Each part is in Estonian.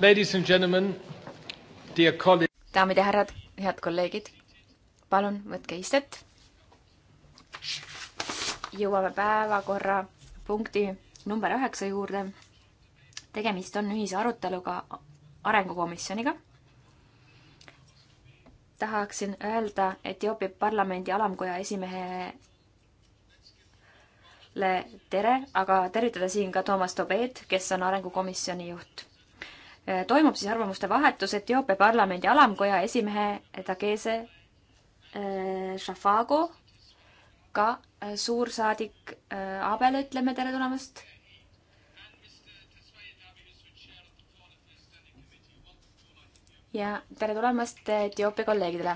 Ladies and gentlemen, dear colleagues. daamid ja härrad, head kolleegid, palun võtke istet. jõuame päevakorrapunkti number üheksa juurde. tegemist on ühise aruteluga arengukomisjoniga. tahaksin öelda Etioopia parlamendi alamkoja esimehe Le tere, aga tervitada siin ka Toomas Tobeed, kes on arengukomisjoni juht. Äh, toimub siis arvamuste vahetus Etioopia parlamendi alamkoja esimehe Dagese äh, Shafago ka äh, suursaadik Abele ütleme tere tulemast. ja tere tulemast Etioopia kolleegidele.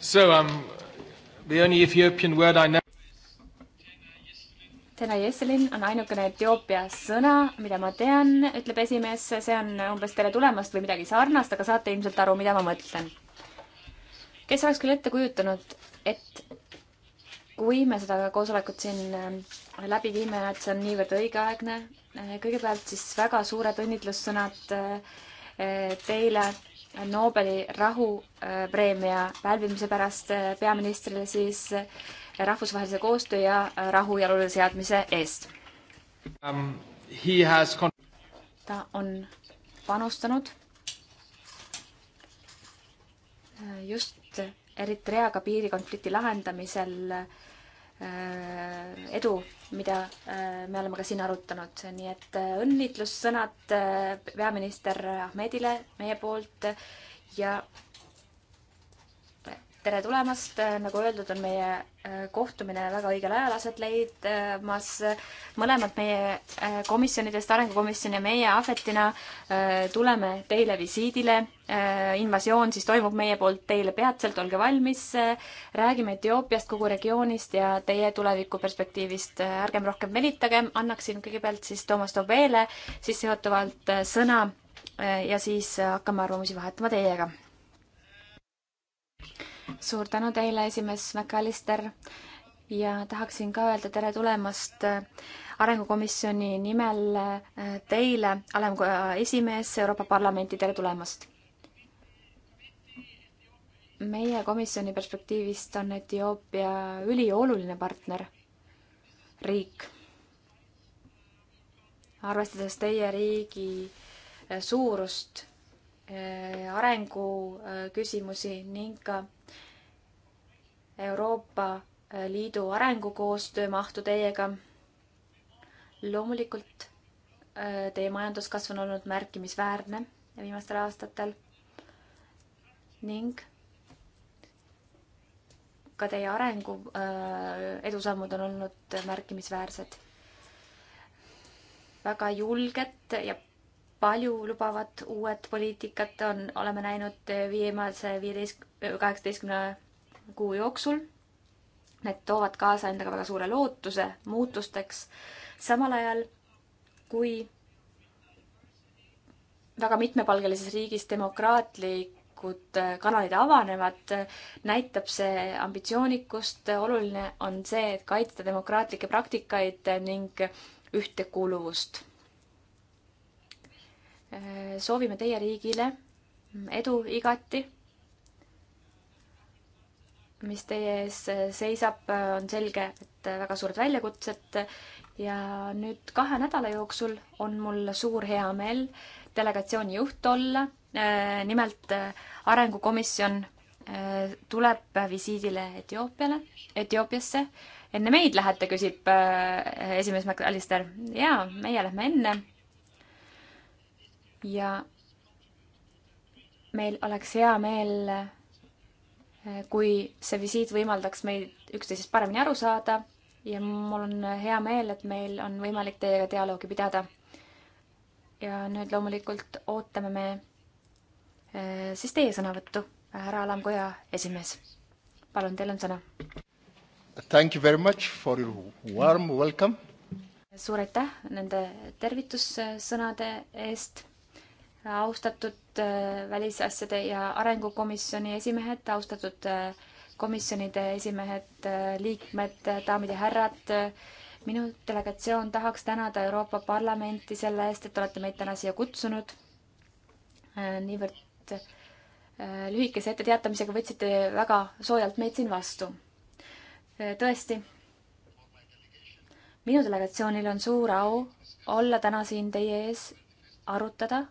So um, the only Ethiopian word I know Tena Jesselin on ainukene Etioopia sõna, mida ma tean, ütleb esimees, see on umbes tere tulemast või midagi sarnast, aga saate ilmselt aru, mida ma mõtlen. kes oleks küll ette kujutanud, et kui me seda koosolekut siin äh, läbi viime, et see on niivõrd õigeaegne, äh, kõigepealt siis väga suured õnnitlussõnad äh, teile Nobeli rahupreemia pälvimise pärast peaministrile siis rahvusvahelise koostöö ja äh, rahu jalule seadmise eest um,. ta on panustanud äh, just Eritreaga piirikonflikti lahendamisel äh, edu, mida me oleme ka siin arutanud, nii et õnnitlussõnad peaminister Ahmedile meie poolt ja tere tulemast, nagu öeldud, on meie äh, kohtumine väga õigel ajal aset leidmas. mõlemad meie äh, komisjonidest, Arengukomisjon ja meie Ahvetina, äh, tuleme teile visiidile. invasioon siis toimub meie poolt teile peatselt, olge valmis. räägime Etioopiast, kogu regioonist ja teie tulevikuperspektiivist. ärgem rohkem venitagem, annaksin kõigepealt siis Toomas Toobele sissejuhatavalt sõna ja siis hakkame arvamusi vahetama teiega suur tänu teile, esimees McAllister ja tahaksin ka öelda tere tulemast äh, arengukomisjoni nimel äh, teile, alamkoja äh, esimees, Euroopa Parlamenti, tere tulemast! meie komisjoni perspektiivist on Etioopia ülioluline partner, riik. arvestades teie riigi suurust, arenguküsimusi ning ka Euroopa äh, Liidu arengukoostöö mahtu teiega. loomulikult äh, teie majanduskasv on olnud märkimisväärne viimastel aastatel ning ka teie arengu äh, edusammud on olnud märkimisväärsed. väga julged ja paljulubavad uued poliitikat on, oleme näinud viimase viieteist, kaheksateistkümne kuu jooksul. Need toovad kaasa endaga väga suure lootuse muutusteks, samal ajal kui väga mitmepalgelises riigis demokraatlikud äh, kanalid avanevad, näitab see ambitsioonikust. oluline on see, et kaitsta demokraatlikke praktikaid ning ühtekuuluvust. Äh, soovime teie riigile edu igati mis teie ees seisab, on selge, et väga suured väljakutsed ja nüüd kahe nädala jooksul on mul suur heameel delegatsiooni juht olla. Äh, nimelt äh, arengukomisjon äh, tuleb visiidile Etioopiale, Etioopiasse. enne meid lähete, küsib esimees McAllister. jaa, meie lähme enne. ja meil oleks hea meel kui see visiit võimaldaks meil üksteisest paremini aru saada ja mul on hea meel, et meil on võimalik teiega dialoogi pidada. ja nüüd loomulikult ootame me äh, siis teie sõnavõttu, härra Alamkoja esimees. palun, teil on sõna. Thank you very much for your warm welcome. suur aitäh nende tervitussõnade eest austatud äh, välisasjade ja arengukomisjoni esimehed, austatud äh, komisjonide esimehed, äh, liikmed, daamid ja härrad. minu delegatsioon tahaks tänada Euroopa Parlamenti selle eest, et olete meid täna siia kutsunud. niivõrd lühikese etteteatamisega võtsite väga soojalt meid siin vastu. tõesti, minu delegatsioonil on suur au olla täna siin teie ees, arutada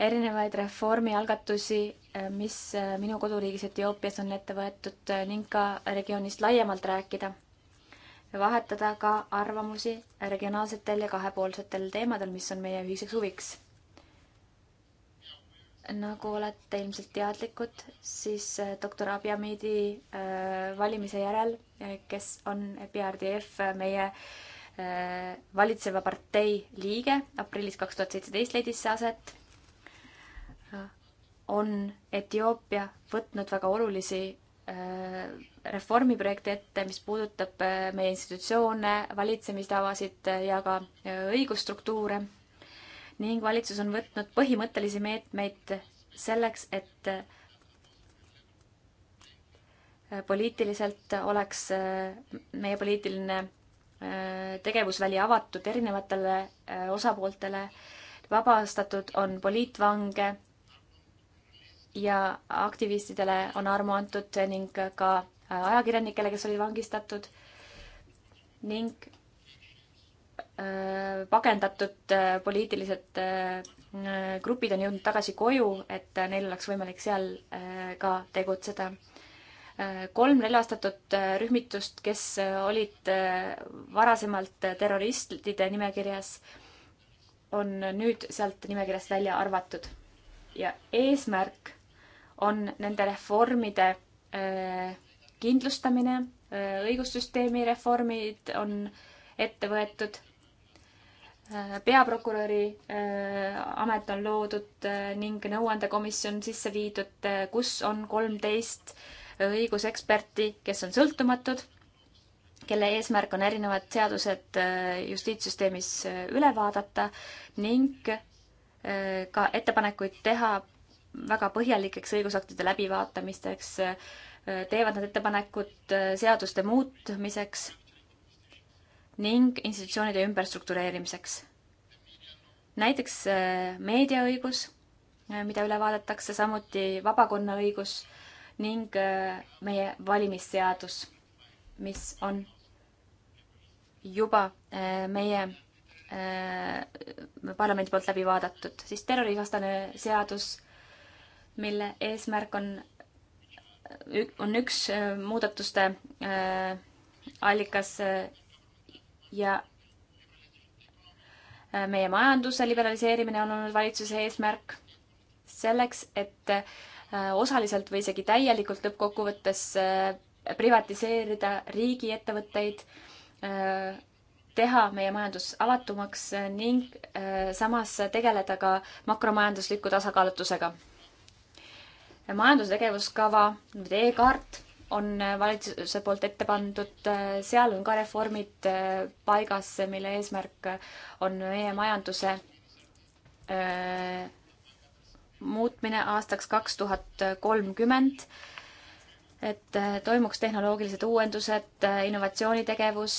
erinevaid reformialgatusi, äh, mis äh, minu koduriigis Etioopias on ette võetud äh, ning ka regioonist laiemalt rääkida. vahetada ka arvamusi regionaalsetel ja kahepoolsetel teemadel, mis on meie ühiseks huviks. nagu olete ilmselt teadlikud, siis doktor Abiy Ahmedi valimise järel, kes on PRDF meie valitseva partei liige, aprillis kaks tuhat seitseteist leidis see aset on Etioopia võtnud väga olulisi äh, reformiprojekti ette, mis puudutab äh, meie institutsioone, valitsemistavasid äh, ja ka õigusstruktuure. ning valitsus on võtnud põhimõttelisi meetmeid selleks, et poliitiliselt oleks meie poliitiline tegevusväli avatud erinevatele osapooltele. vabastatud on poliitvange ja aktivistidele on armu antud ning ka ajakirjanikele, kes olid vangistatud ning äh, pagendatud äh, poliitilised äh, grupid on jõudnud tagasi koju, et neil oleks võimalik seal ka tegutseda. kolm relvastatud rühmitust, kes olid varasemalt terroristide nimekirjas, on nüüd sealt nimekirjast välja arvatud ja eesmärk on nende reformide äh, kindlustamine, äh, õigussüsteemi reformid on ette võetud, äh, peaprokuröri amet on loodud ning nõuandekomisjon sisse viidud, kus on kolmteist õiguseksperti, kes on sõltumatud, kelle eesmärk on erinevad seadused justiitssüsteemis üle vaadata ning ka ettepanekuid teha väga põhjalikeks õigusaktide läbivaatamisteks, teevad nad ettepanekud seaduste muutmiseks ning institutsioonide ümberstruktureerimiseks. näiteks äh, meediaõigus, äh, mida üle vaadatakse, samuti vabakonna õigus ning äh, meie valimisseadus, mis on juba meie parlamendi poolt läbi vaadatud, siis terrorivastane seadus mille eesmärk on, on üks äh, muudatuste äh, allikas äh, ja meie majanduse liberaliseerimine on olnud valitsuse eesmärk selleks, et osaliselt või isegi täielikult lõppkokkuvõttes privatiseerida riigiettevõtteid, teha meie majandus avatumaks ning samas tegeleda ka makromajandusliku tasakaalutusega majandustegevuskava, teekaart on äh, valitsuse poolt ette pandud, äh, seal on ka reformid äh, paigas, mille eesmärk on meie majanduse muutmine aastaks kaks tuhat kolmkümmend et toimuks tehnoloogilised uuendused, innovatsioonitegevus,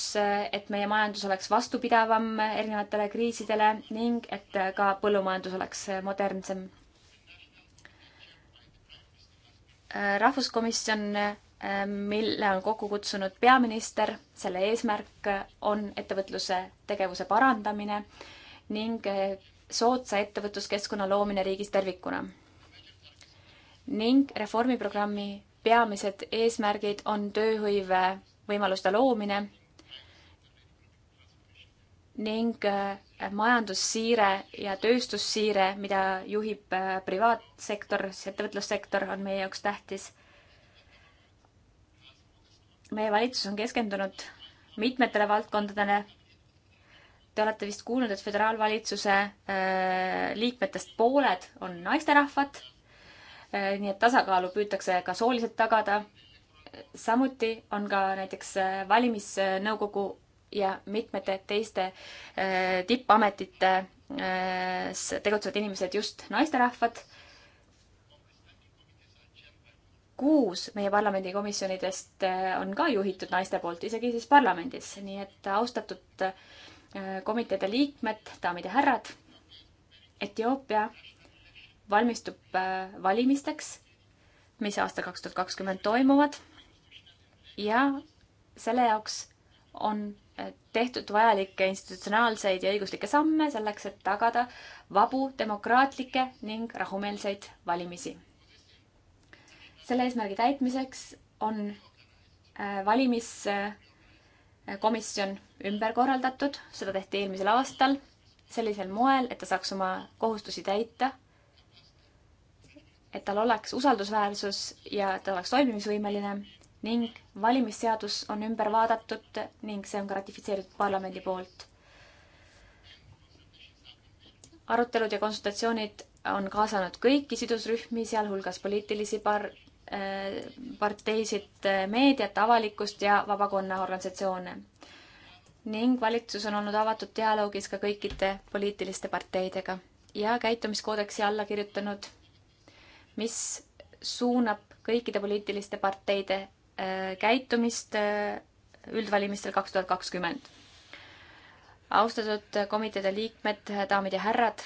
et meie majandus oleks vastupidavam erinevatele kriisidele ning et ka põllumajandus oleks modernsem. Äh, rahvuskomisjon, äh, mille on kokku kutsunud peaminister, selle eesmärk on ettevõtluse tegevuse parandamine ning äh, soodsa ettevõtluskeskkonna loomine riigis tervikuna. ning reformiprogrammi peamised eesmärgid on tööhõive võimaluste loomine ning äh, majandussiire ja tööstussiire, mida juhib äh, privaatsektor, siis ettevõtlussektor on meie jaoks tähtis. meie valitsus on keskendunud mitmetele valdkondadele. Te olete vist kuulnud, et föderaalvalitsuse äh, liikmetest pooled on naisterahvad. nii et tasakaalu püütakse ka sooliselt tagada samuti on ka näiteks valimisnõukogu ja mitmete teiste äh, tippametites äh, tegutsevad inimesed just naisterahvad. kuus meie parlamendikomisjonidest äh, on ka juhitud naiste poolt, isegi siis parlamendis, nii et austatud komiteede liikmed, daamid ja härrad. Etioopia valmistub valimisteks, mis aastal kaks tuhat kakskümmend toimuvad ja selle jaoks on tehtud vajalikke institutsionaalseid ja õiguslikke samme selleks, et tagada vabu, demokraatlikke ning rahumeelseid valimisi. selle eesmärgi täitmiseks on äh, valimiskomisjon ümber korraldatud, seda tehti eelmisel aastal sellisel moel, et ta saaks oma kohustusi täita, et tal oleks usaldusväärsus ja et ta oleks toimimisvõimeline ning valimisseadus on ümber vaadatud ning see on ka ratifitseeritud parlamendi poolt. arutelud ja konsultatsioonid on kaasanud kõiki sidusrühmi, sealhulgas poliitilisi par-, äh, parteisid, äh, meediat, avalikkust ja vabakonna organisatsioone. ning valitsus on olnud avatud dialoogis ka kõikide poliitiliste parteidega ja käitumiskoodeksi alla kirjutanud, mis suunab kõikide poliitiliste parteide Äh, käitumist äh, üldvalimistel kaks tuhat kakskümmend. austatud komiteede liikmed, daamid ja härrad.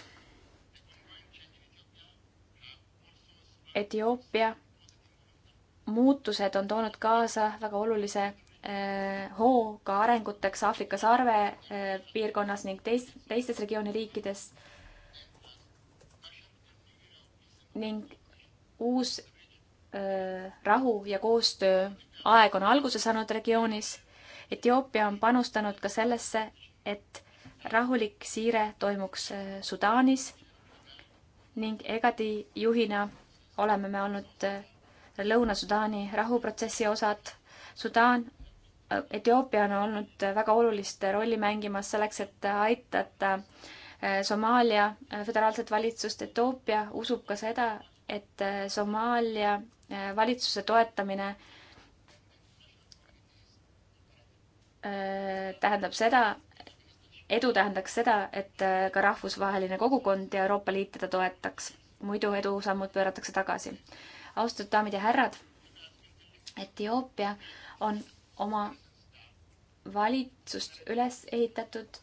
Etioopia muutused on toonud kaasa väga olulise äh, hooga arenguteks Aafrika sarve piirkonnas ning teist, teistes regiooni riikides. ning uus Äh, rahu ja koostöö aeg on alguse saanud regioonis. Etioopia on panustanud ka sellesse, et rahulik siire toimuks äh, Sudaanis ning EGADi juhina oleme me olnud äh, Lõuna-Sudaani rahuprotsessi osad. Sudaan, Etioopia on olnud väga olulist rolli mängimas selleks, et aidata Somaalia föderaalset valitsust. Etioopia usub ka seda, et äh, Somaalia äh, valitsuse toetamine äh, tähendab seda, edu tähendaks seda, et ka rahvusvaheline kogukond ja Euroopa Liit teda toetaks. muidu edusammud pööratakse tagasi. austatud daamid ja härrad, Etioopia on oma valitsust üles ehitatud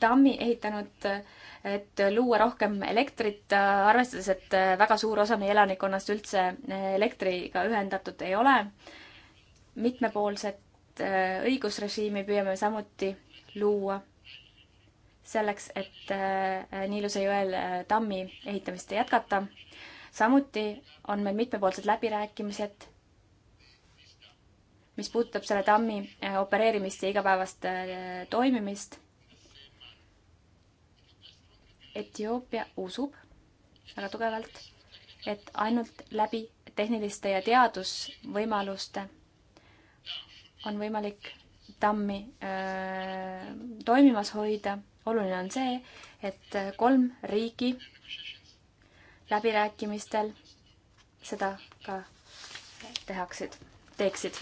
tammi ehitanud äh, et luua rohkem elektrit, arvestades, et väga suur osa meie elanikkonnast üldse eh, elektriga ühendatud ei ole. mitmepoolset eh, õigusrežiimi püüame samuti luua selleks, et eh, Niiluse jõel tammi ehitamist jätkata. samuti on meil mitmepoolsed läbirääkimised, mis puudutab selle tammi opereerimist ja igapäevast toimimist Etioopia usub väga tugevalt, et ainult läbi tehniliste ja teadusvõimaluste on võimalik tammi öö, toimimas hoida. oluline on see, et kolm riigi läbirääkimistel seda ka tehaksid, teeksid.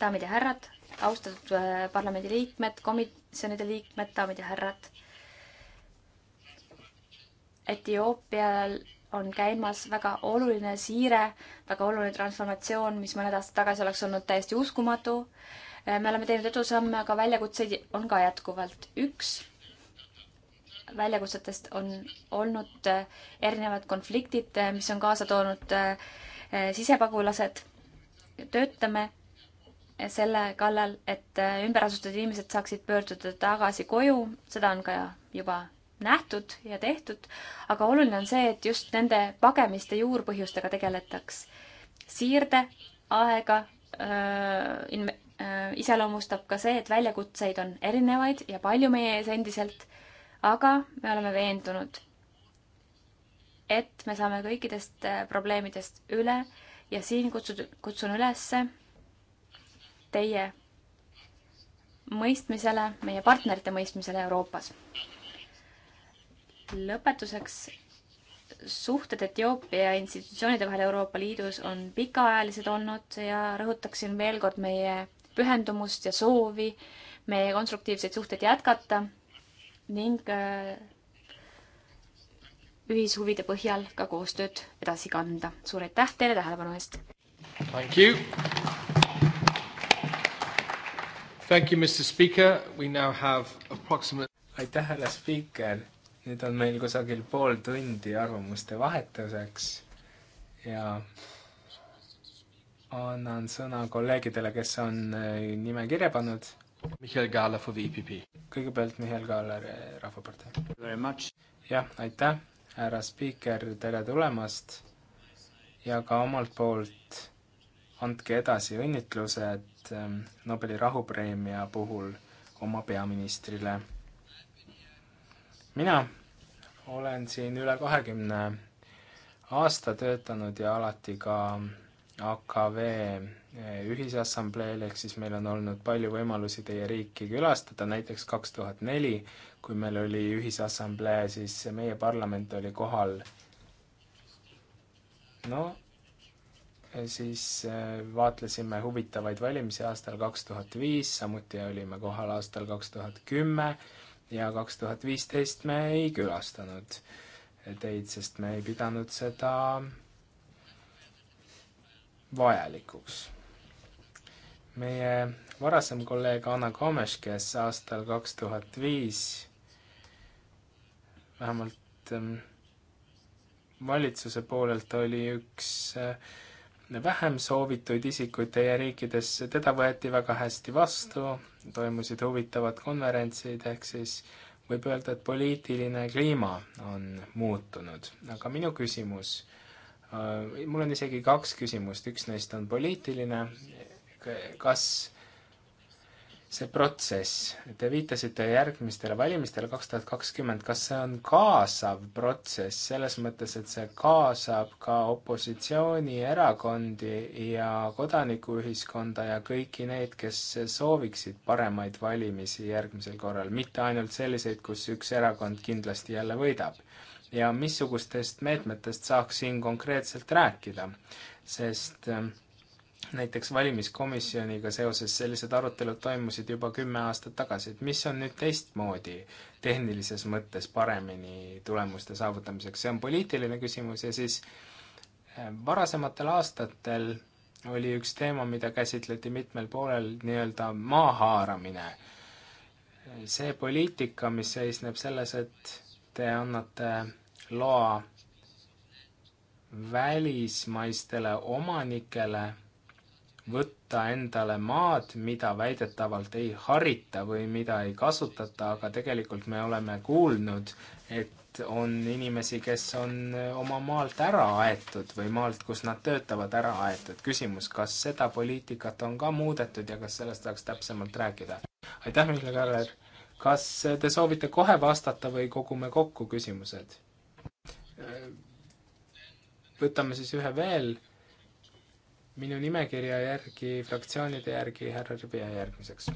daamid ja härrad, austatud parlamendiliikmed, komisjonide liikmed, daamid ja härrad Etioopial on käimas väga oluline siire, väga oluline transformatsioon, mis mõned aastad tagasi oleks olnud täiesti uskumatu. me oleme teinud edusamme, aga väljakutseid on ka jätkuvalt. üks väljakutsetest on olnud äh, erinevad konfliktid, äh, mis on kaasa toonud äh, sisepagulased. töötame selle kallal, et ümberasustatud inimesed saaksid pöörduda tagasi koju, seda on ka juba nähtud ja tehtud, aga oluline on see, et just nende pagemiste juurpõhjustega tegeletaks. siirdeaega äh, in- äh,, iseloomustab ka see, et väljakutseid on erinevaid ja palju meie ees endiselt, aga me oleme veendunud, et me saame kõikidest äh, probleemidest üle ja siin kutsud, kutsun üles teie mõistmisele, meie partnerite mõistmisele Euroopas lõpetuseks, suhted Etioopia institutsioonide vahel Euroopa Liidus on pikaajalised olnud ja rõhutaksin veel kord meie pühendumust ja soovi meie konstruktiivseid suhteid jätkata ning äh, ühishuvide põhjal ka koostööd edasi kanda. suur aitäh teile tähelepanu eest! Thank you! Thank you, Mr Speaker, we now have approximate aitäh, härra spiiker! nüüd on meil kusagil pool tundi arvamuste vahetuseks ja annan sõna kolleegidele, kes on äh, nime kirja pannud. Mihhail Kaaler for EPP. kõigepealt Mihhail Kaaler, äh, Rahvapartei. jah, aitäh, härra spiiker, tere tulemast ja ka omalt poolt andke edasi õnnitlused ähm, Nobeli rahupreemia puhul oma peaministrile mina olen siin üle kahekümne aasta töötanud ja alati ka AKV eh, ühisassambleel, ehk siis meil on olnud palju võimalusi teie riiki külastada, näiteks kaks tuhat neli, kui meil oli ühisassamblee, siis meie parlament oli kohal no eh, siis eh, vaatlesime huvitavaid valimisi aastal kaks tuhat viis, samuti olime kohal aastal kaks tuhat kümme ja kaks tuhat viisteist me ei külastanud teid, sest me ei pidanud seda vajalikuks. meie varasem kolleeg Anna Komes, kes aastal kaks tuhat viis vähemalt ähm, valitsuse poolelt oli üks äh, vähem soovitud isikuid teie riikides, teda võeti väga hästi vastu, toimusid huvitavad konverentsid, ehk siis võib öelda, et poliitiline kliima on muutunud. aga minu küsimus, äh, mul on isegi kaks küsimust, üks neist on poliitiline, kas see protsess, te viitasite järgmistele valimistele kaks tuhat kakskümmend, kas see on kaasav protsess selles mõttes, et see kaasab ka opositsioonierakondi ja kodanikuühiskonda ja kõiki neid, kes sooviksid paremaid valimisi järgmisel korral, mitte ainult selliseid, kus üks erakond kindlasti jälle võidab? ja missugustest meetmetest saaks siin konkreetselt rääkida, sest äh, näiteks valimiskomisjoniga seoses sellised arutelud toimusid juba kümme aastat tagasi, et mis on nüüd teistmoodi tehnilises mõttes paremini tulemuste saavutamiseks, see on poliitiline küsimus ja siis eh, varasematel aastatel oli üks teema, mida käsitleti mitmel poolel, nii-öelda maa haaramine. see poliitika, mis seisneb selles, et te annate loa välismaistele omanikele võtta endale maad, mida väidetavalt ei harita või mida ei kasutata, aga tegelikult me oleme kuulnud, et on inimesi, kes on oma maalt ära aetud või maalt, kus nad töötavad, ära aetud. küsimus, kas seda poliitikat on ka muudetud ja kas sellest saaks täpsemalt rääkida? aitäh, Mihkel Kaller! kas te soovite kohe vastata või kogume kokku küsimused? Äh, võtame siis ühe veel minu nimekirja järgi, fraktsioonide järgi härra Rebja järgmiseks.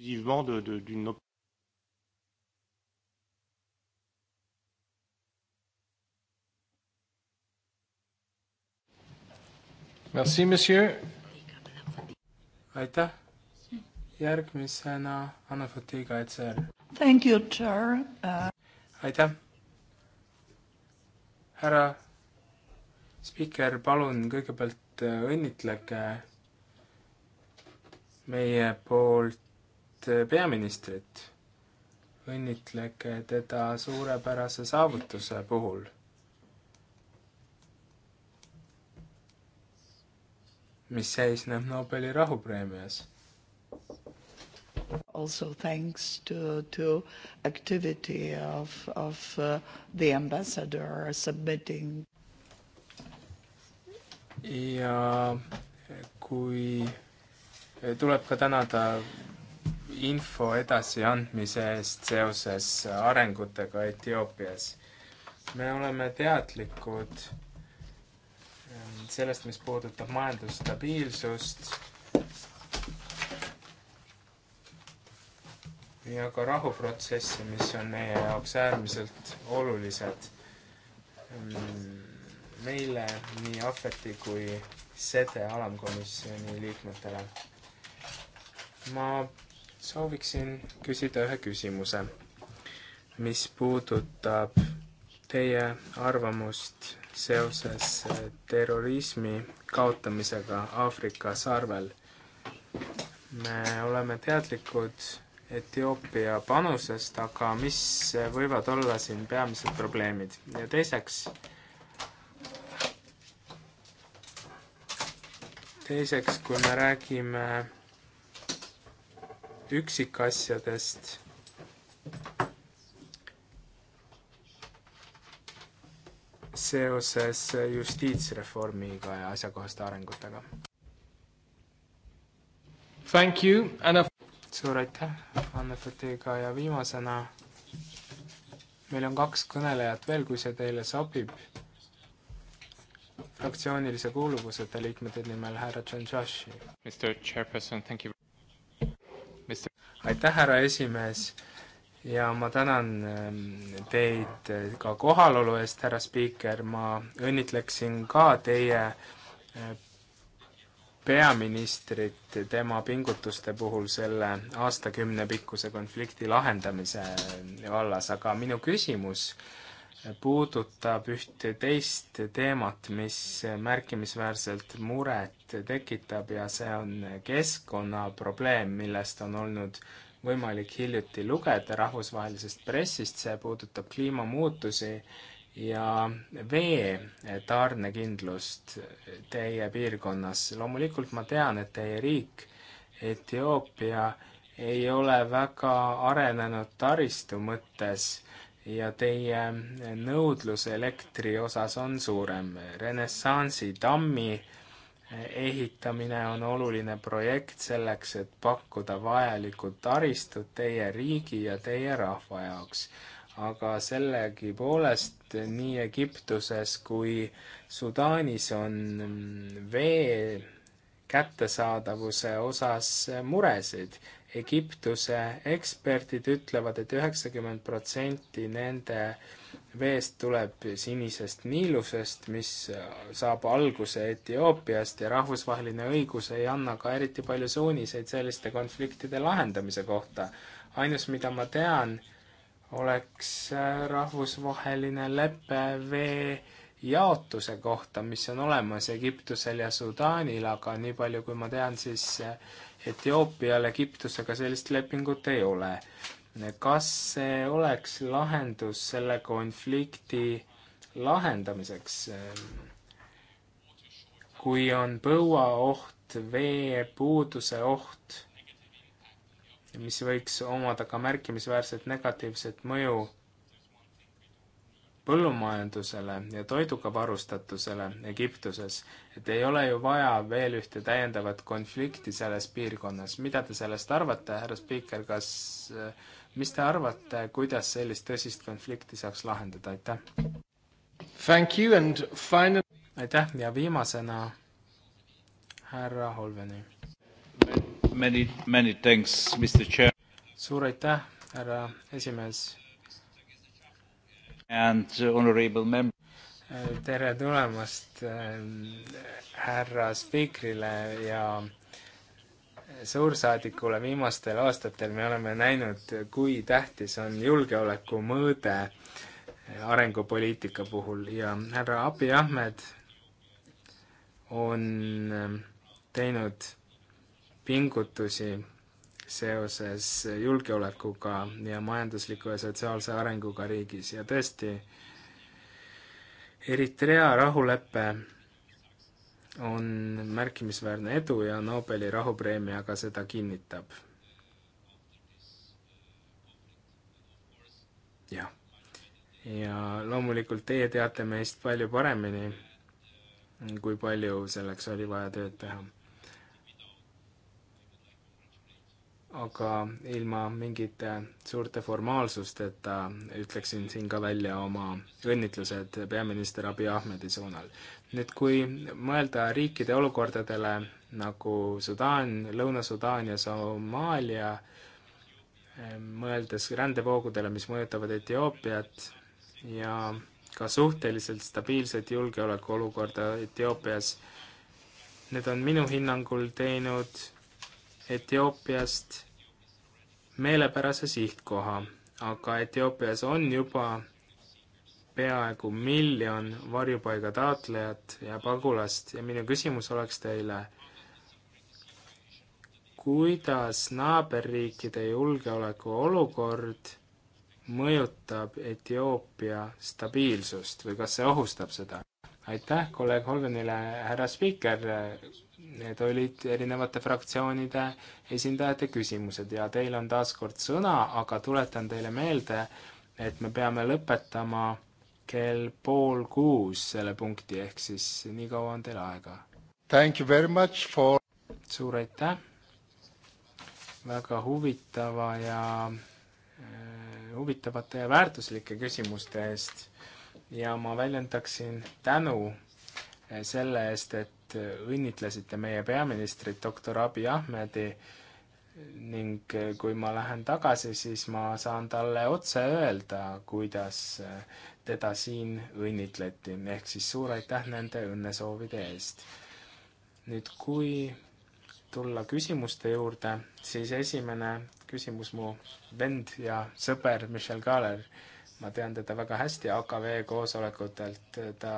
exclusivement d'une Merci, monsieur. aitäh. järgmisena Anna Fatiga, ETSR. Thank you, chair uh.... aitäh. härra spiiker, palun kõigepealt äh, õnnitlege meie poolt peaministrit, õnnitlege teda suurepärase saavutuse puhul. mis seisneb Nobeli rahupreemias. Also thanks to, to activity of, of uh, the ambassador submitting. ja kui tuleb ka tänada info edasiandmise eest seoses arengutega Etioopias. me oleme teadlikud ähm, sellest, mis puudutab majandusstabiilsust ja ka rahuprotsessi, mis on meie jaoks äärmiselt olulised. Ähm, meile, nii Ahveti kui Sede alamkomisjoni liikmetele. ma sooviksin küsida ühe küsimuse, mis puudutab teie arvamust seoses terrorismi kaotamisega Aafrika sarvel. me oleme teadlikud Etioopia panusest, aga mis võivad olla siin peamised probleemid? ja teiseks, teiseks, kui me räägime üksikasjadest. seoses justiitsreformiga ja asjakohaste arengutega. Thank you, Anna. suur aitäh, Anne Fatiga ja viimasena meil on kaks kõnelejat veel, kui see teile sobib. fraktsioonilise kuuluvuseta liikmete nimel härra John Joshi. Mr Chairperson, thank you aitäh, härra esimees, ja ma tänan ähm, teid äh, ka kohalolu eest, härra spiiker, ma õnnitleksin ka teie äh, peaministrit tema pingutuste puhul selle aastakümne pikkuse konflikti lahendamise vallas, aga minu küsimus äh, puudutab ühte teist teemat, mis märkimisväärselt muret tekitab ja see on keskkonnaprobleem, millest on olnud võimalik hiljuti lugeda rahvusvahelisest pressist, see puudutab kliimamuutusi ja vee tarnekindlust teie piirkonnas. loomulikult ma tean, et teie riik, Etioopia, ei ole väga arenenud taristu mõttes ja teie nõudlus elektri osas on suurem. renessansi tammi ehitamine on oluline projekt selleks, et pakkuda vajalikku taristut teie riigi ja teie rahva jaoks. aga sellegipoolest nii Egiptuses kui Sudaanis on vee kättesaadavuse osas muresid Egiptuse eksperdid ütlevad et, et üheksakümmend protsenti nende veest tuleb sinisest Niilusest, mis saab alguse Etioopiast ja rahvusvaheline õigus ei anna ka eriti palju suuniseid selliste konfliktide lahendamise kohta. ainus, mida ma tean, oleks rahvusvaheline lepe vee jaotuse kohta, mis on olemas Egiptusel ja Sudaanil, aga nii palju, kui ma tean, siis Etioopial Egiptusega sellist lepingut ei ole. kas see oleks lahendus selle konflikti lahendamiseks, kui on põuaoht, veepuuduse oht, mis võiks omada ka märkimisväärset negatiivset mõju põllumajandusele ja toiduga varustatusele Egiptuses, et ei ole ju vaja veel ühte täiendavat konflikti selles piirkonnas. mida te sellest arvate, härra spiiker, kas, eh, mis te arvate, kuidas sellist tõsist konflikti saaks lahendada, aitäh? Thank you and final-. aitäh ja viimasena härra Holveni. Many, many thanks, Mr Chair. suur aitäh, härra esimees Uh, tere tulemast äh, härra spiikrile ja suursaadikule viimastel aastatel me oleme näinud, kui tähtis on julgeoleku mõõde arengupoliitika puhul ja härra Abi Ahmed on äh, teinud pingutusi seoses julgeolekuga ja majandusliku ja sotsiaalse arenguga riigis ja tõesti, Eritrea rahulepe on märkimisväärne edu ja Nobeli rahupreemia ka seda kinnitab. jah. ja loomulikult teie teate meist palju paremini, kui palju selleks oli vaja tööd teha aga ilma mingite suurte formaalsusteta ütleksin siin ka välja oma õnnitlused peaminister Abiy Ahmedi suunal. nüüd, kui mõelda riikide olukordadele nagu Sudaan, Lõuna-Sudaan ja Somaalia, mõeldes rändevoogudele, mis mõjutavad Etioopiat ja ka suhteliselt stabiilset julgeolekuolukorda Etioopias, need on minu hinnangul teinud Etioopiast meelepärase sihtkoha, aga Etioopias on juba peaaegu miljon varjupaiga taotlejat ja pagulast ja minu küsimus oleks teile, kuidas naaberriikide julgeolekuolukord mõjutab Etioopia stabiilsust või kas see ohustab seda? aitäh kolleeg Holganile, härra spiiker, Need olid erinevate fraktsioonide esindajate küsimused ja teil on taas kord sõna, aga tuletan teile meelde, et me peame lõpetama kell pool kuus selle punkti, ehk siis nii kaua on teil aega. Thank you very much for suur aitäh, väga huvitava ja äh, huvitavate ja väärtuslike küsimuste eest ja ma väljendaksin tänu äh, selle eest, et et äh, õnnitlesite meie peaministrit, doktor Abiy Ahmedi ning äh, kui ma lähen tagasi, siis ma saan talle otse öelda, kuidas äh, teda siin õnnitleti, ehk siis suur aitäh nende õnnesoovide eest. nüüd, kui tulla küsimuste juurde, siis esimene küsimus mu vend ja sõber Michel Kaaler, ma tean teda väga hästi AKV koosolekutelt, ta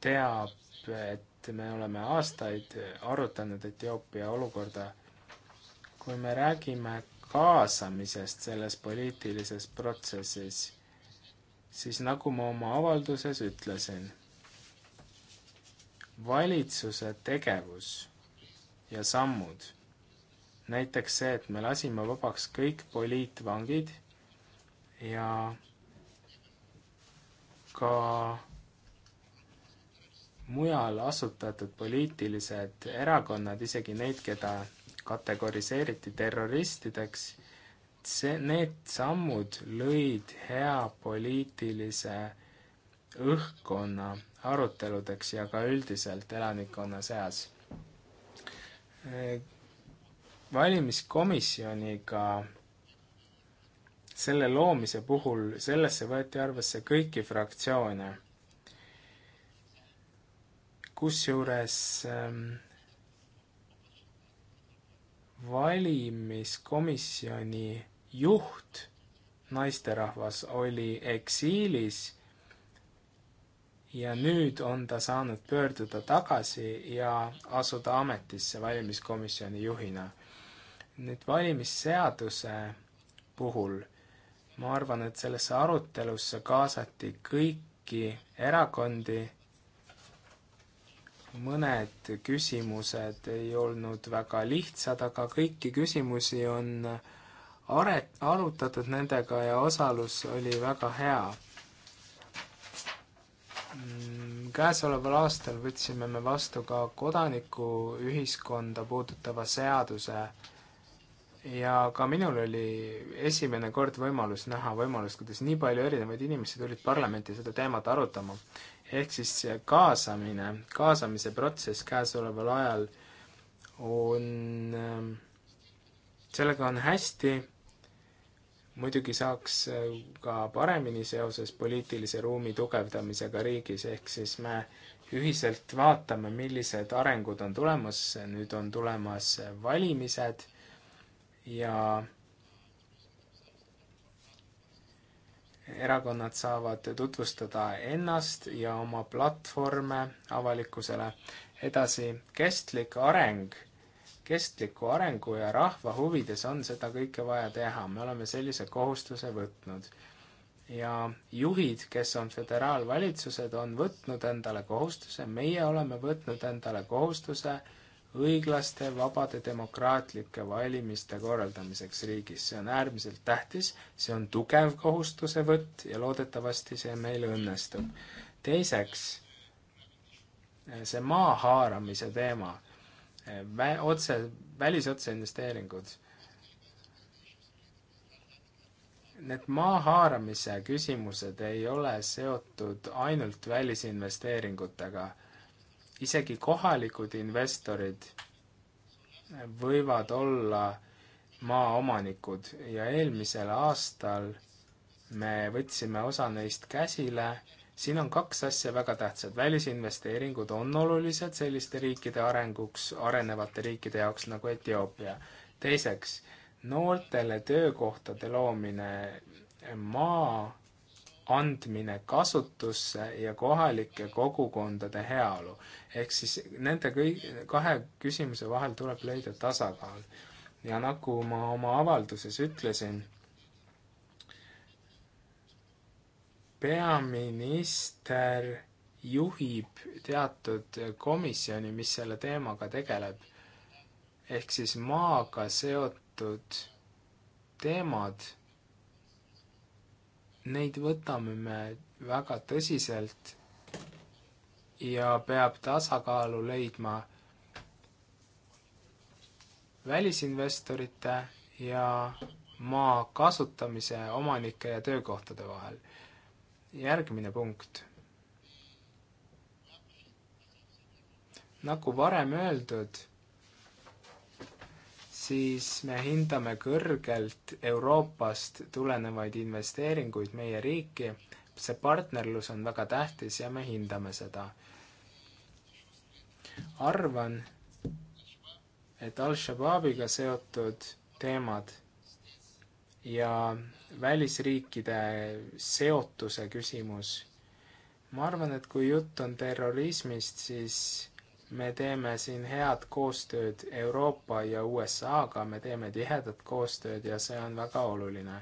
teab, et me oleme aastaid arutanud Etioopia olukorda. kui me räägime kaasamisest selles poliitilises protsessis, siis nagu ma oma avalduses ütlesin, valitsuse tegevus ja sammud, näiteks see, et me lasime vabaks kõik poliitvangid ja ka mujal asutatud poliitilised erakonnad, isegi neid, keda kategoriseeriti terroristideks, see, need sammud lõid hea poliitilise õhkkonna aruteludeks ja ka üldiselt elanikkonna seas. valimiskomisjoniga selle loomise puhul, sellesse võeti arvesse kõiki fraktsioone kusjuures ähm, valimiskomisjoni juht, naisterahvas, oli eksiilis ja nüüd on ta saanud pöörduda tagasi ja asuda ametisse valimiskomisjoni juhina. nüüd valimisseaduse puhul ma arvan, et sellesse arutelusse kaasati kõiki erakondi mõned küsimused ei olnud väga lihtsad, aga kõiki küsimusi on are-, arutatud nendega ja osalus oli väga hea. Mm, käesoleval aastal võtsime me vastu ka kodanikuühiskonda puudutava seaduse ja ka minul oli esimene kord võimalus näha võimalust, kuidas nii palju erinevaid inimesi tulid parlamenti seda teemat arutama ehk siis kaasamine, kaasamise protsess käesoleval ajal on, ähm, sellega on hästi, muidugi saaks äh, ka paremini seoses poliitilise ruumi tugevdamisega riigis, ehk siis me ühiselt vaatame, millised arengud on tulemas, nüüd on tulemas valimised ja erakonnad saavad tutvustada ennast ja oma platvorme avalikkusele. edasi, kestlik areng, kestliku arengu ja rahva huvides on seda kõike vaja teha, me oleme sellise kohustuse võtnud. ja juhid, kes on föderaalvalitsused, on võtnud endale kohustuse, meie oleme võtnud endale kohustuse äh, õiglaste, vabade, demokraatlike valimiste korraldamiseks riigis. see on äärmiselt tähtis, see on tugev kohustuse võtt ja loodetavasti see meil õnnestub. teiseks, see maa haaramise teema, vä-, otse, välisotseinvesteeringud, need maa haaramise küsimused ei ole seotud ainult välisinvesteeringutega isegi kohalikud investorid võivad olla maaomanikud ja eelmisel aastal me võtsime osa neist käsile. siin on kaks asja väga tähtsad. välisinvesteeringud on olulised selliste riikide arenguks, arenevate riikide jaoks nagu Etioopia. teiseks, noortele töökohtade loomine maa andmine kasutusse ja kohalike kogukondade heaolu. ehk siis nende kõi-, kahe küsimuse vahel tuleb leida tasakaal. ja nagu ma oma avalduses ütlesin, peaminister juhib teatud komisjoni, mis selle teemaga tegeleb. ehk siis maaga seotud teemad neid võtame me väga tõsiselt ja peab tasakaalu leidma välisinvestorite ja maa kasutamise omanike ja töökohtade vahel. järgmine punkt. nagu varem öeldud siis me hindame kõrgelt Euroopast tulenevaid investeeringuid meie riiki, see partnerlus on väga tähtis ja me hindame seda. arvan, et Al-Shabaabiga seotud teemad ja välisriikide seotuse küsimus, ma arvan, et kui jutt on terrorismist, siis me teeme siin head koostööd Euroopa ja USA-ga, me teeme tihedat koostööd ja see on väga oluline.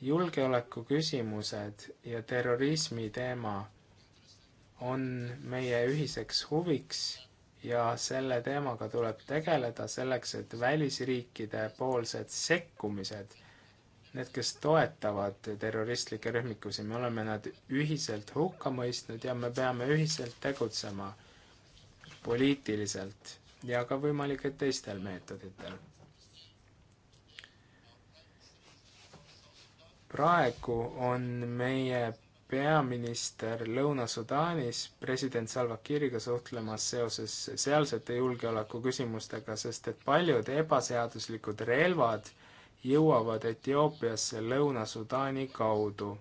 julgeoleku küsimused ja terrorismi teema on meie ühiseks huviks ja selle teemaga tuleb tegeleda selleks, et välisriikide poolsed sekkumised, need, kes toetavad terroristlikke rühmikusi, me oleme nad ühiselt hukka mõistnud ja me peame ühiselt tegutsema poliitiliselt ja ka võimalik, et teistel meetoditel. praegu on meie peaminister Lõuna-Sudaanis president Salva Kiiriga suhtlemas seoses sealsete julgeolekuküsimustega, sest et paljud ebaseaduslikud relvad jõuavad Etioopiasse Lõuna-Sudaani kaudu,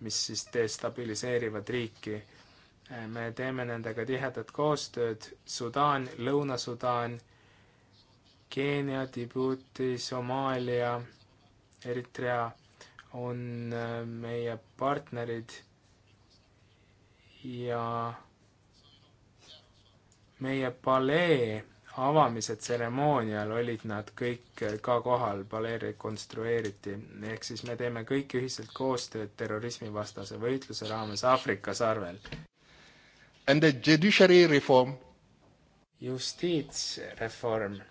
mis siis destabiliseerivad riiki me teeme nendega tihedat koostööd, Sudaan, Lõuna-Sudaan, Keenia, Djibouti, Somaalia, Eritrea on äh, meie partnerid ja meie palee avamise tseremoonial olid nad kõik äh, ka kohal, palee rekonstrueeriti, ehk siis me teeme kõik ühiselt koostööd terrorismivastase võitluse raames Aafrika sarvel and the judiciary reform. justiitsreform.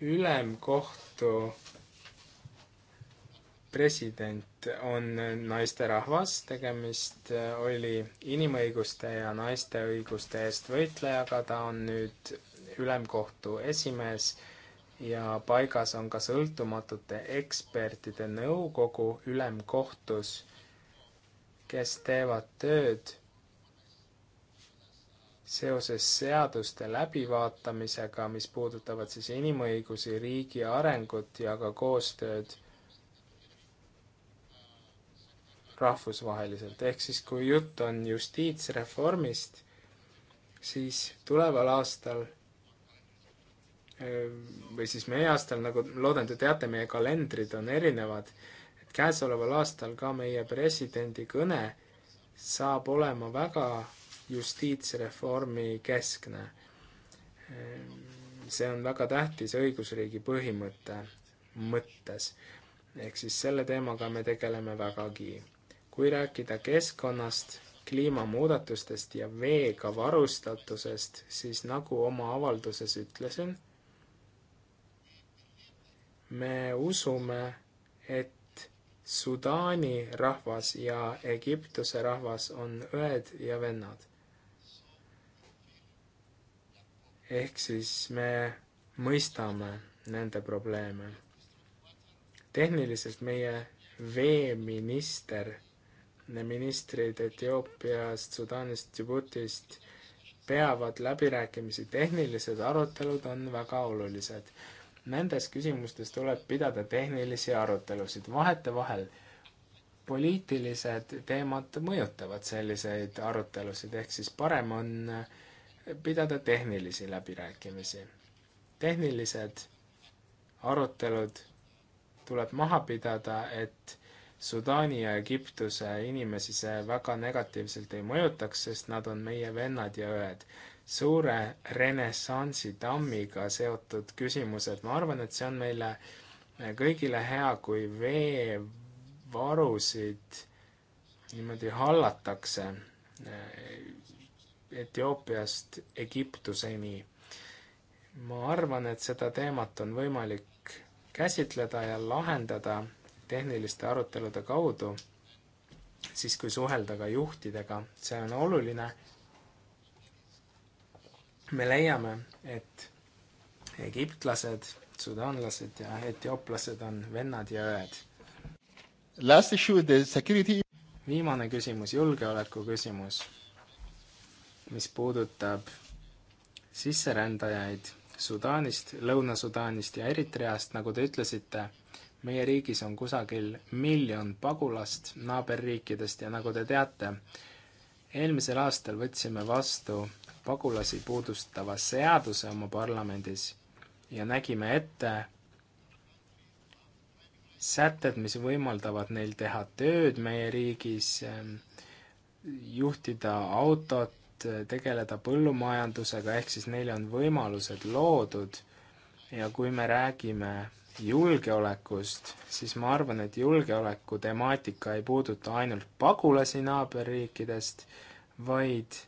ülemkohtu president on naisterahvas, tegemist oli inimõiguste ja naiste õiguste eest võitlejaga, ta on nüüd ülemkohtu esimees ja paigas on ka sõltumatute ekspertide nõukogu ülemkohtus kes teevad tööd seoses seaduste läbivaatamisega, mis puudutavad siis inimõigusi, riigi arengut ja ka koostööd rahvusvaheliselt, ehk siis kui jutt on justiitsreformist, siis tuleval aastal või siis meie aastal, nagu loodan, te teate, meie kalendrid on erinevad käesoleval aastal ka meie presidendi kõne saab olema väga justiitsreformi keskne. see on väga tähtis õigusriigi põhimõte mõttes. ehk siis selle teemaga me tegeleme vägagi. kui rääkida keskkonnast, kliimamuudatustest ja veega varustatusest, siis nagu oma avalduses ütlesin, me usume, et Sudaani rahvas ja Egiptuse rahvas on õed ja vennad. ehk siis me mõistame nende probleeme. tehniliselt meie veeminister, ministrid Etioopiast, Sudaanist, Djiboutist peavad läbirääkimisi, tehnilised arutelud on väga olulised Nendes küsimustes tuleb pidada tehnilisi arutelusid vahetevahel. poliitilised teemad mõjutavad selliseid arutelusid, ehk siis parem on pidada tehnilisi läbirääkimisi. tehnilised arutelud tuleb maha pidada, et Sudaani ja Egiptuse inimesi see väga negatiivselt ei mõjutaks, sest nad on meie vennad ja õed suure renessansi tammiga seotud küsimused, ma arvan, et see on meile kõigile hea, kui veevarusid niimoodi hallatakse eh, Etioopiast Egiptuseni. ma arvan, et seda teemat on võimalik käsitleda ja lahendada tehniliste arutelude kaudu, siis kui suhelda ka juhtidega, see on oluline me leiame, et egiptlased, sudaanlased ja etiooplased on vennad ja õed. Last issue the security. viimane küsimus, julgeoleku küsimus, mis puudutab sisserändajaid Sudaanist, Lõuna-Sudaanist ja Eritreast, nagu te ütlesite, meie riigis on kusagil miljon pagulast naaberriikidest ja nagu te teate, eelmisel aastal võtsime vastu pagulasi puudustava seaduse oma parlamendis ja nägime ette sätted, mis võimaldavad neil teha tööd meie riigis, ehm, juhtida autot, tegeleda põllumajandusega, ehk siis neile on võimalused loodud ja kui me räägime julgeolekust, siis ma arvan, et julgeoleku temaatika ei puuduta ainult pagulasi naaberriikidest, vaid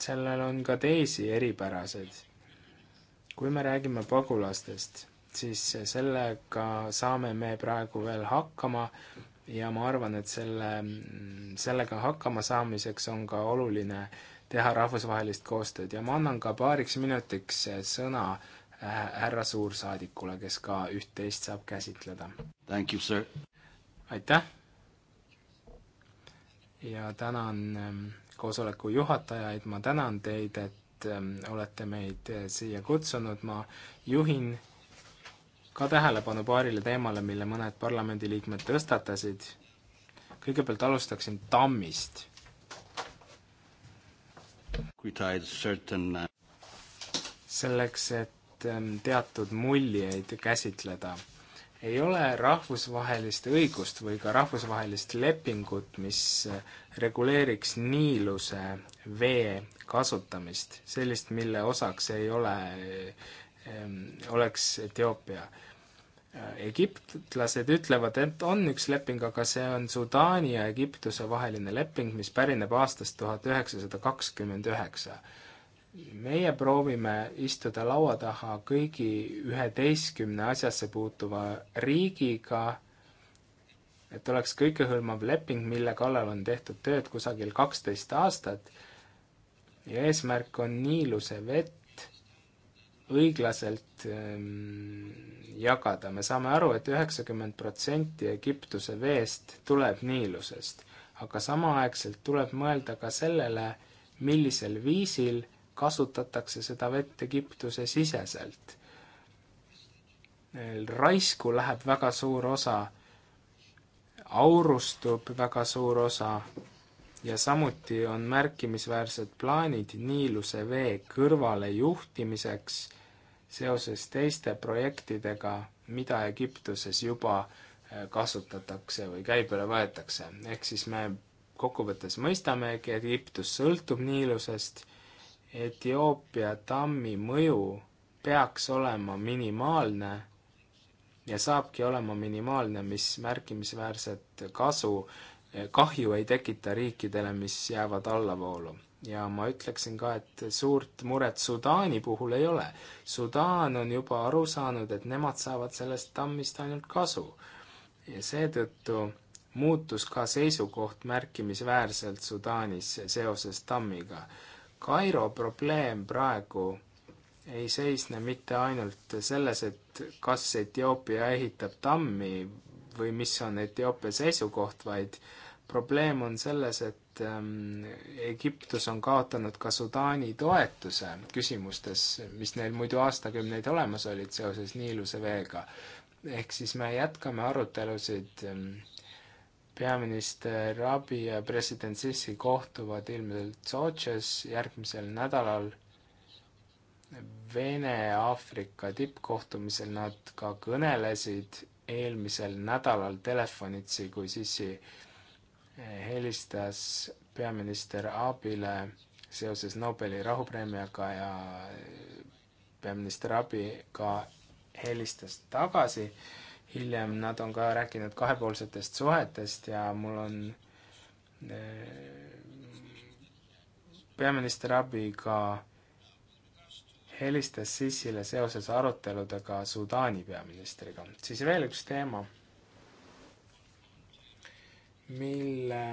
sellel on ka teisi eripärasid. kui me räägime pagulastest, siis sellega saame me praegu veel hakkama ja ma arvan, et selle, sellega hakkama saamiseks on ka oluline teha rahvusvahelist koostööd ja ma annan ka paariks minutiks sõna äh, härra suursaadikule, kes ka üht-teist saab käsitleda. aitäh! ja tänan ähm, koosoleku juhatajaid, ma tänan teid, et ähm, olete meid äh, siia kutsunud, ma juhin ka tähelepanu paarile teemale, mille mõned parlamendiliikmed tõstatasid. kõigepealt alustaksin tammist. Uh, selleks, et ähm, teatud muljeid käsitleda ei ole rahvusvahelist õigust või ka rahvusvahelist lepingut, mis reguleeriks niiluse vee kasutamist, sellist, mille osaks ei ole, ehm, oleks Etioopia. egiptlased ütlevad, et on üks leping, aga see on Sudaani ja Egiptuse vaheline leping, mis pärineb aastast tuhat üheksasada kakskümmend üheksa meie proovime istuda laua taha kõigi üheteistkümne asjasse puutuva riigiga, et oleks kõikehõlmav leping, mille kallal on tehtud tööd kusagil kaksteist aastat ja eesmärk on niiluse vett õiglaselt ähm, jagada, me saame aru et, et üheksakümmend protsenti Egiptuse veest tuleb Niilusest. aga samaaegselt tuleb mõelda ka sellele, millisel viisil kasutatakse seda vett Egiptuse siseselt. raisku läheb väga suur osa, aurustub väga suur osa ja samuti on märkimisväärsed plaanid Niiluse vee kõrvale juhtimiseks seoses teiste projektidega, mida Egiptuses juba eh, kasutatakse või käibele võetakse. ehk siis me kokkuvõttes mõistamegi, et Egiptus sõltub Niilusest Etioopia tammi mõju peaks olema minimaalne ja saabki olema minimaalne, mis märkimisväärset kasu, eh, kahju ei tekita riikidele, mis jäävad allavoolu. ja ma ütleksin ka, et suurt muret Sudaani puhul ei ole. Sudaan on juba aru saanud, et nemad saavad sellest tammist ainult kasu. ja seetõttu muutus ka seisukoht märkimisväärselt Sudaanis seoses tammiga Kairo probleem praegu ei seisne mitte ainult selles, et kas Etioopia ehitab tammi või mis on Etioopia seisukoht, vaid probleem on selles, et ähm, Egiptus on kaotanud ka Sudaani toetuse küsimustes, mis neil muidu aastakümneid olemas olid seoses Niiluse veega. ehk siis me jätkame arutelusid ähm, peaminister Abi ja president Sissi kohtuvad ilmselt Sotšes järgmisel nädalal. Vene-Aafrika tippkohtumisel nad ka kõnelesid eelmisel nädalal telefonitsi, kui Sissi eh, helistas peaminister Abile seoses Nobeli rahupreemiaga ja eh, peaminister Abi ka helistas tagasi hiljem nad on ka rääkinud kahepoolsetest suhetest ja mul on eh, peaminister abiga helistas Sissile seoses aruteludega Sudaani peaministriga. siis veel üks teema, mille,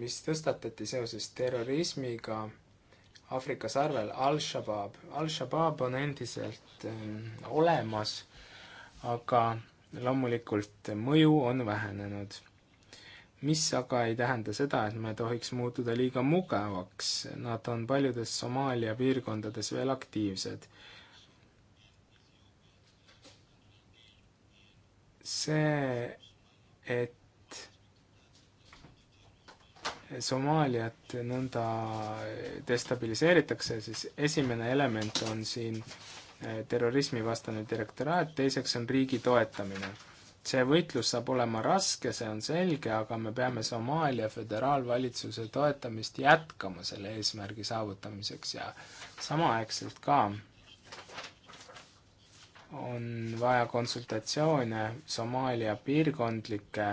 mis tõstatati seoses terrorismiga Aafrika sarvel, Al-Shabaab. Al-Shabaab on endiselt äh, olemas aga loomulikult mõju on vähenenud. mis aga ei tähenda seda, et me tohiks muutuda liiga mugavaks, nad on paljudes Somaalia piirkondades veel aktiivsed. see, et Somaaliat nõnda destabiliseeritakse, siis esimene element on siin äh, Eh, terrorismivastane direktoraat, teiseks on riigi toetamine. see võitlus saab olema raske, see on selge, aga me peame Somaalia föderaalvalitsuse toetamist jätkama selle eesmärgi saavutamiseks ja samaaegselt ka on vaja konsultatsioone Somaalia piirkondlike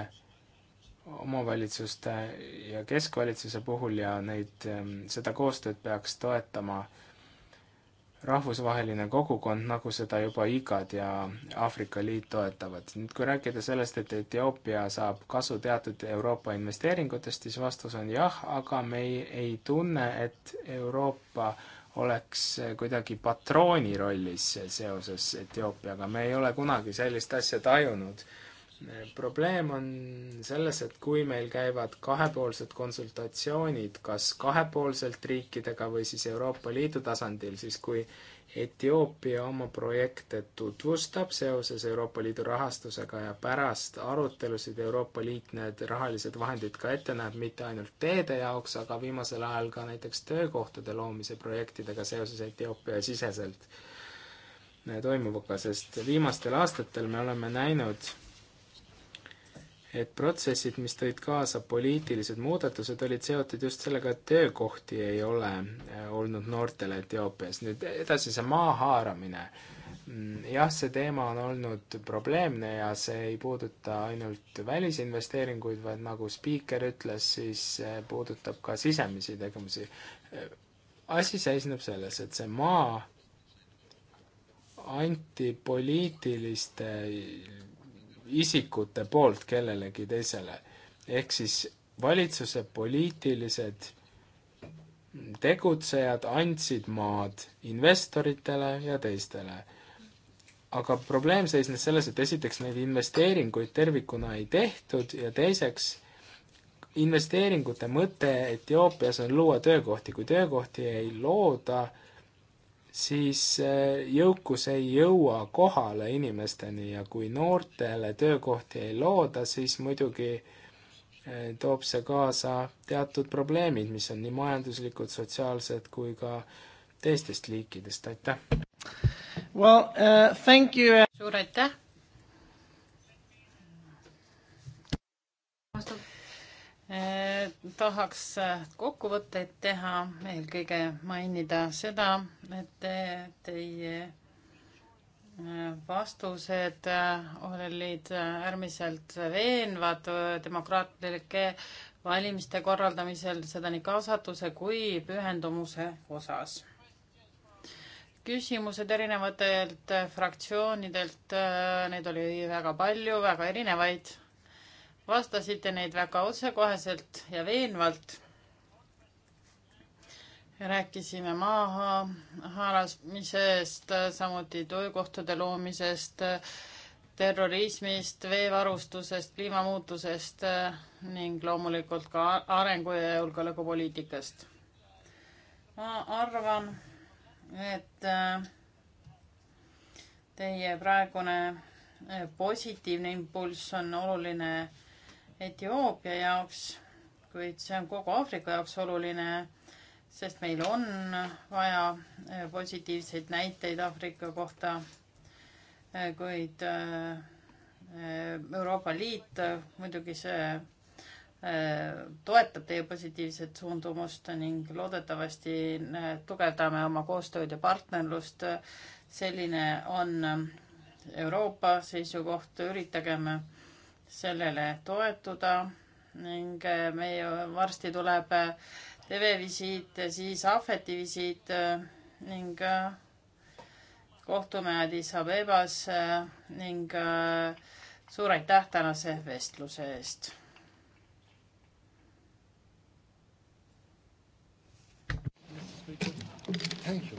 omavalitsuste ja keskvalitsuse puhul ja neid, ehm, seda koostööd peaks toetama äh, rahvusvaheline kogukond, nagu seda juba IGAD ja Aafrika Liit toetavad. nüüd kui rääkida sellest, et Etioopia saab kasu teatud Euroopa investeeringutest, siis vastus on jah, aga me ei, ei tunne, et Euroopa oleks kuidagi patrooni rollis seoses Etioopiaga, me ei ole kunagi sellist asja tajunud probleem on selles, et kui meil käivad kahepoolsed konsultatsioonid, kas kahepoolselt riikidega või siis Euroopa Liidu tasandil, siis kui Etioopia oma projekte tutvustab seoses Euroopa Liidu rahastusega ja pärast arutelusid Euroopa Liit need rahalised vahendid ka ette näeb, mitte ainult teede jaoks, aga viimasel ajal ka näiteks töökohtade loomise projektidega seoses Etioopia siseselt eh, toimuvaga, sest viimastel aastatel me oleme näinud et protsessid, mis tõid kaasa poliitilised muudatused, olid seotud just sellega, et töökohti ei ole äh, olnud noortele Etioopias. nüüd edasi see maa haaramine. Mm, jah, see teema on olnud probleemne ja see ei puuduta ainult välisinvesteeringuid, vaid nagu spiiker ütles, siis see äh, puudutab ka sisemisi tegevusi. Äh, asi seisneb selles, et see maa anti poliitiliste isikute poolt kellelegi teisele. ehk siis valitsuse poliitilised tegutsejad andsid maad investoritele ja teistele. aga probleem seisnes selles, et esiteks neid investeeringuid tervikuna ei tehtud ja teiseks investeeringute mõte Etioopias on luua töökohti, kui töökohti ei looda, siis äh, jõukus ei jõua kohale inimesteni ja kui noortele töökohti ei looda, siis muidugi äh, toob see kaasa teatud probleemid, mis on nii majanduslikud, sotsiaalsed kui ka teistest liikidest, aitäh! Well uh, thank you! Uh suur aitäh! Eh, tahaks eh, kokkuvõtteid teha, eelkõige mainida seda, et eh, teie vastused olid äärmiselt veenvad demokraatlike valimiste korraldamisel, seda nii kaasatuse kui pühendumuse osas. küsimused erinevatelt fraktsioonidelt, neid oli väga palju, väga erinevaid vastasite neid väga otsekoheselt ja veenvalt. rääkisime maha haaramisest, samuti töökohtade loomisest, terrorismist, veevarustusest, kliimamuutusest ning loomulikult ka arengu ja julgeolekupoliitikast. ma arvan, et äh, teie praegune äh, positiivne impulss on oluline Etioopia jaoks, kuid see on kogu Aafrika jaoks oluline, sest meil on vaja äh, positiivseid näiteid Aafrika kohta. Äh, kuid äh, Euroopa Liit muidugi see toetab teie positiivset suundumust ning loodetavasti tugevdame oma koostööd ja partnerlust. selline on Euroopa seisukoht, üritagem sellele toetuda ning äh, meie varsti tuleb äh, TV-visiit, siis Ahveti visiit äh, ning kohtume Addis Abebas ning suur aitäh tänase vestluse eest. Thank you.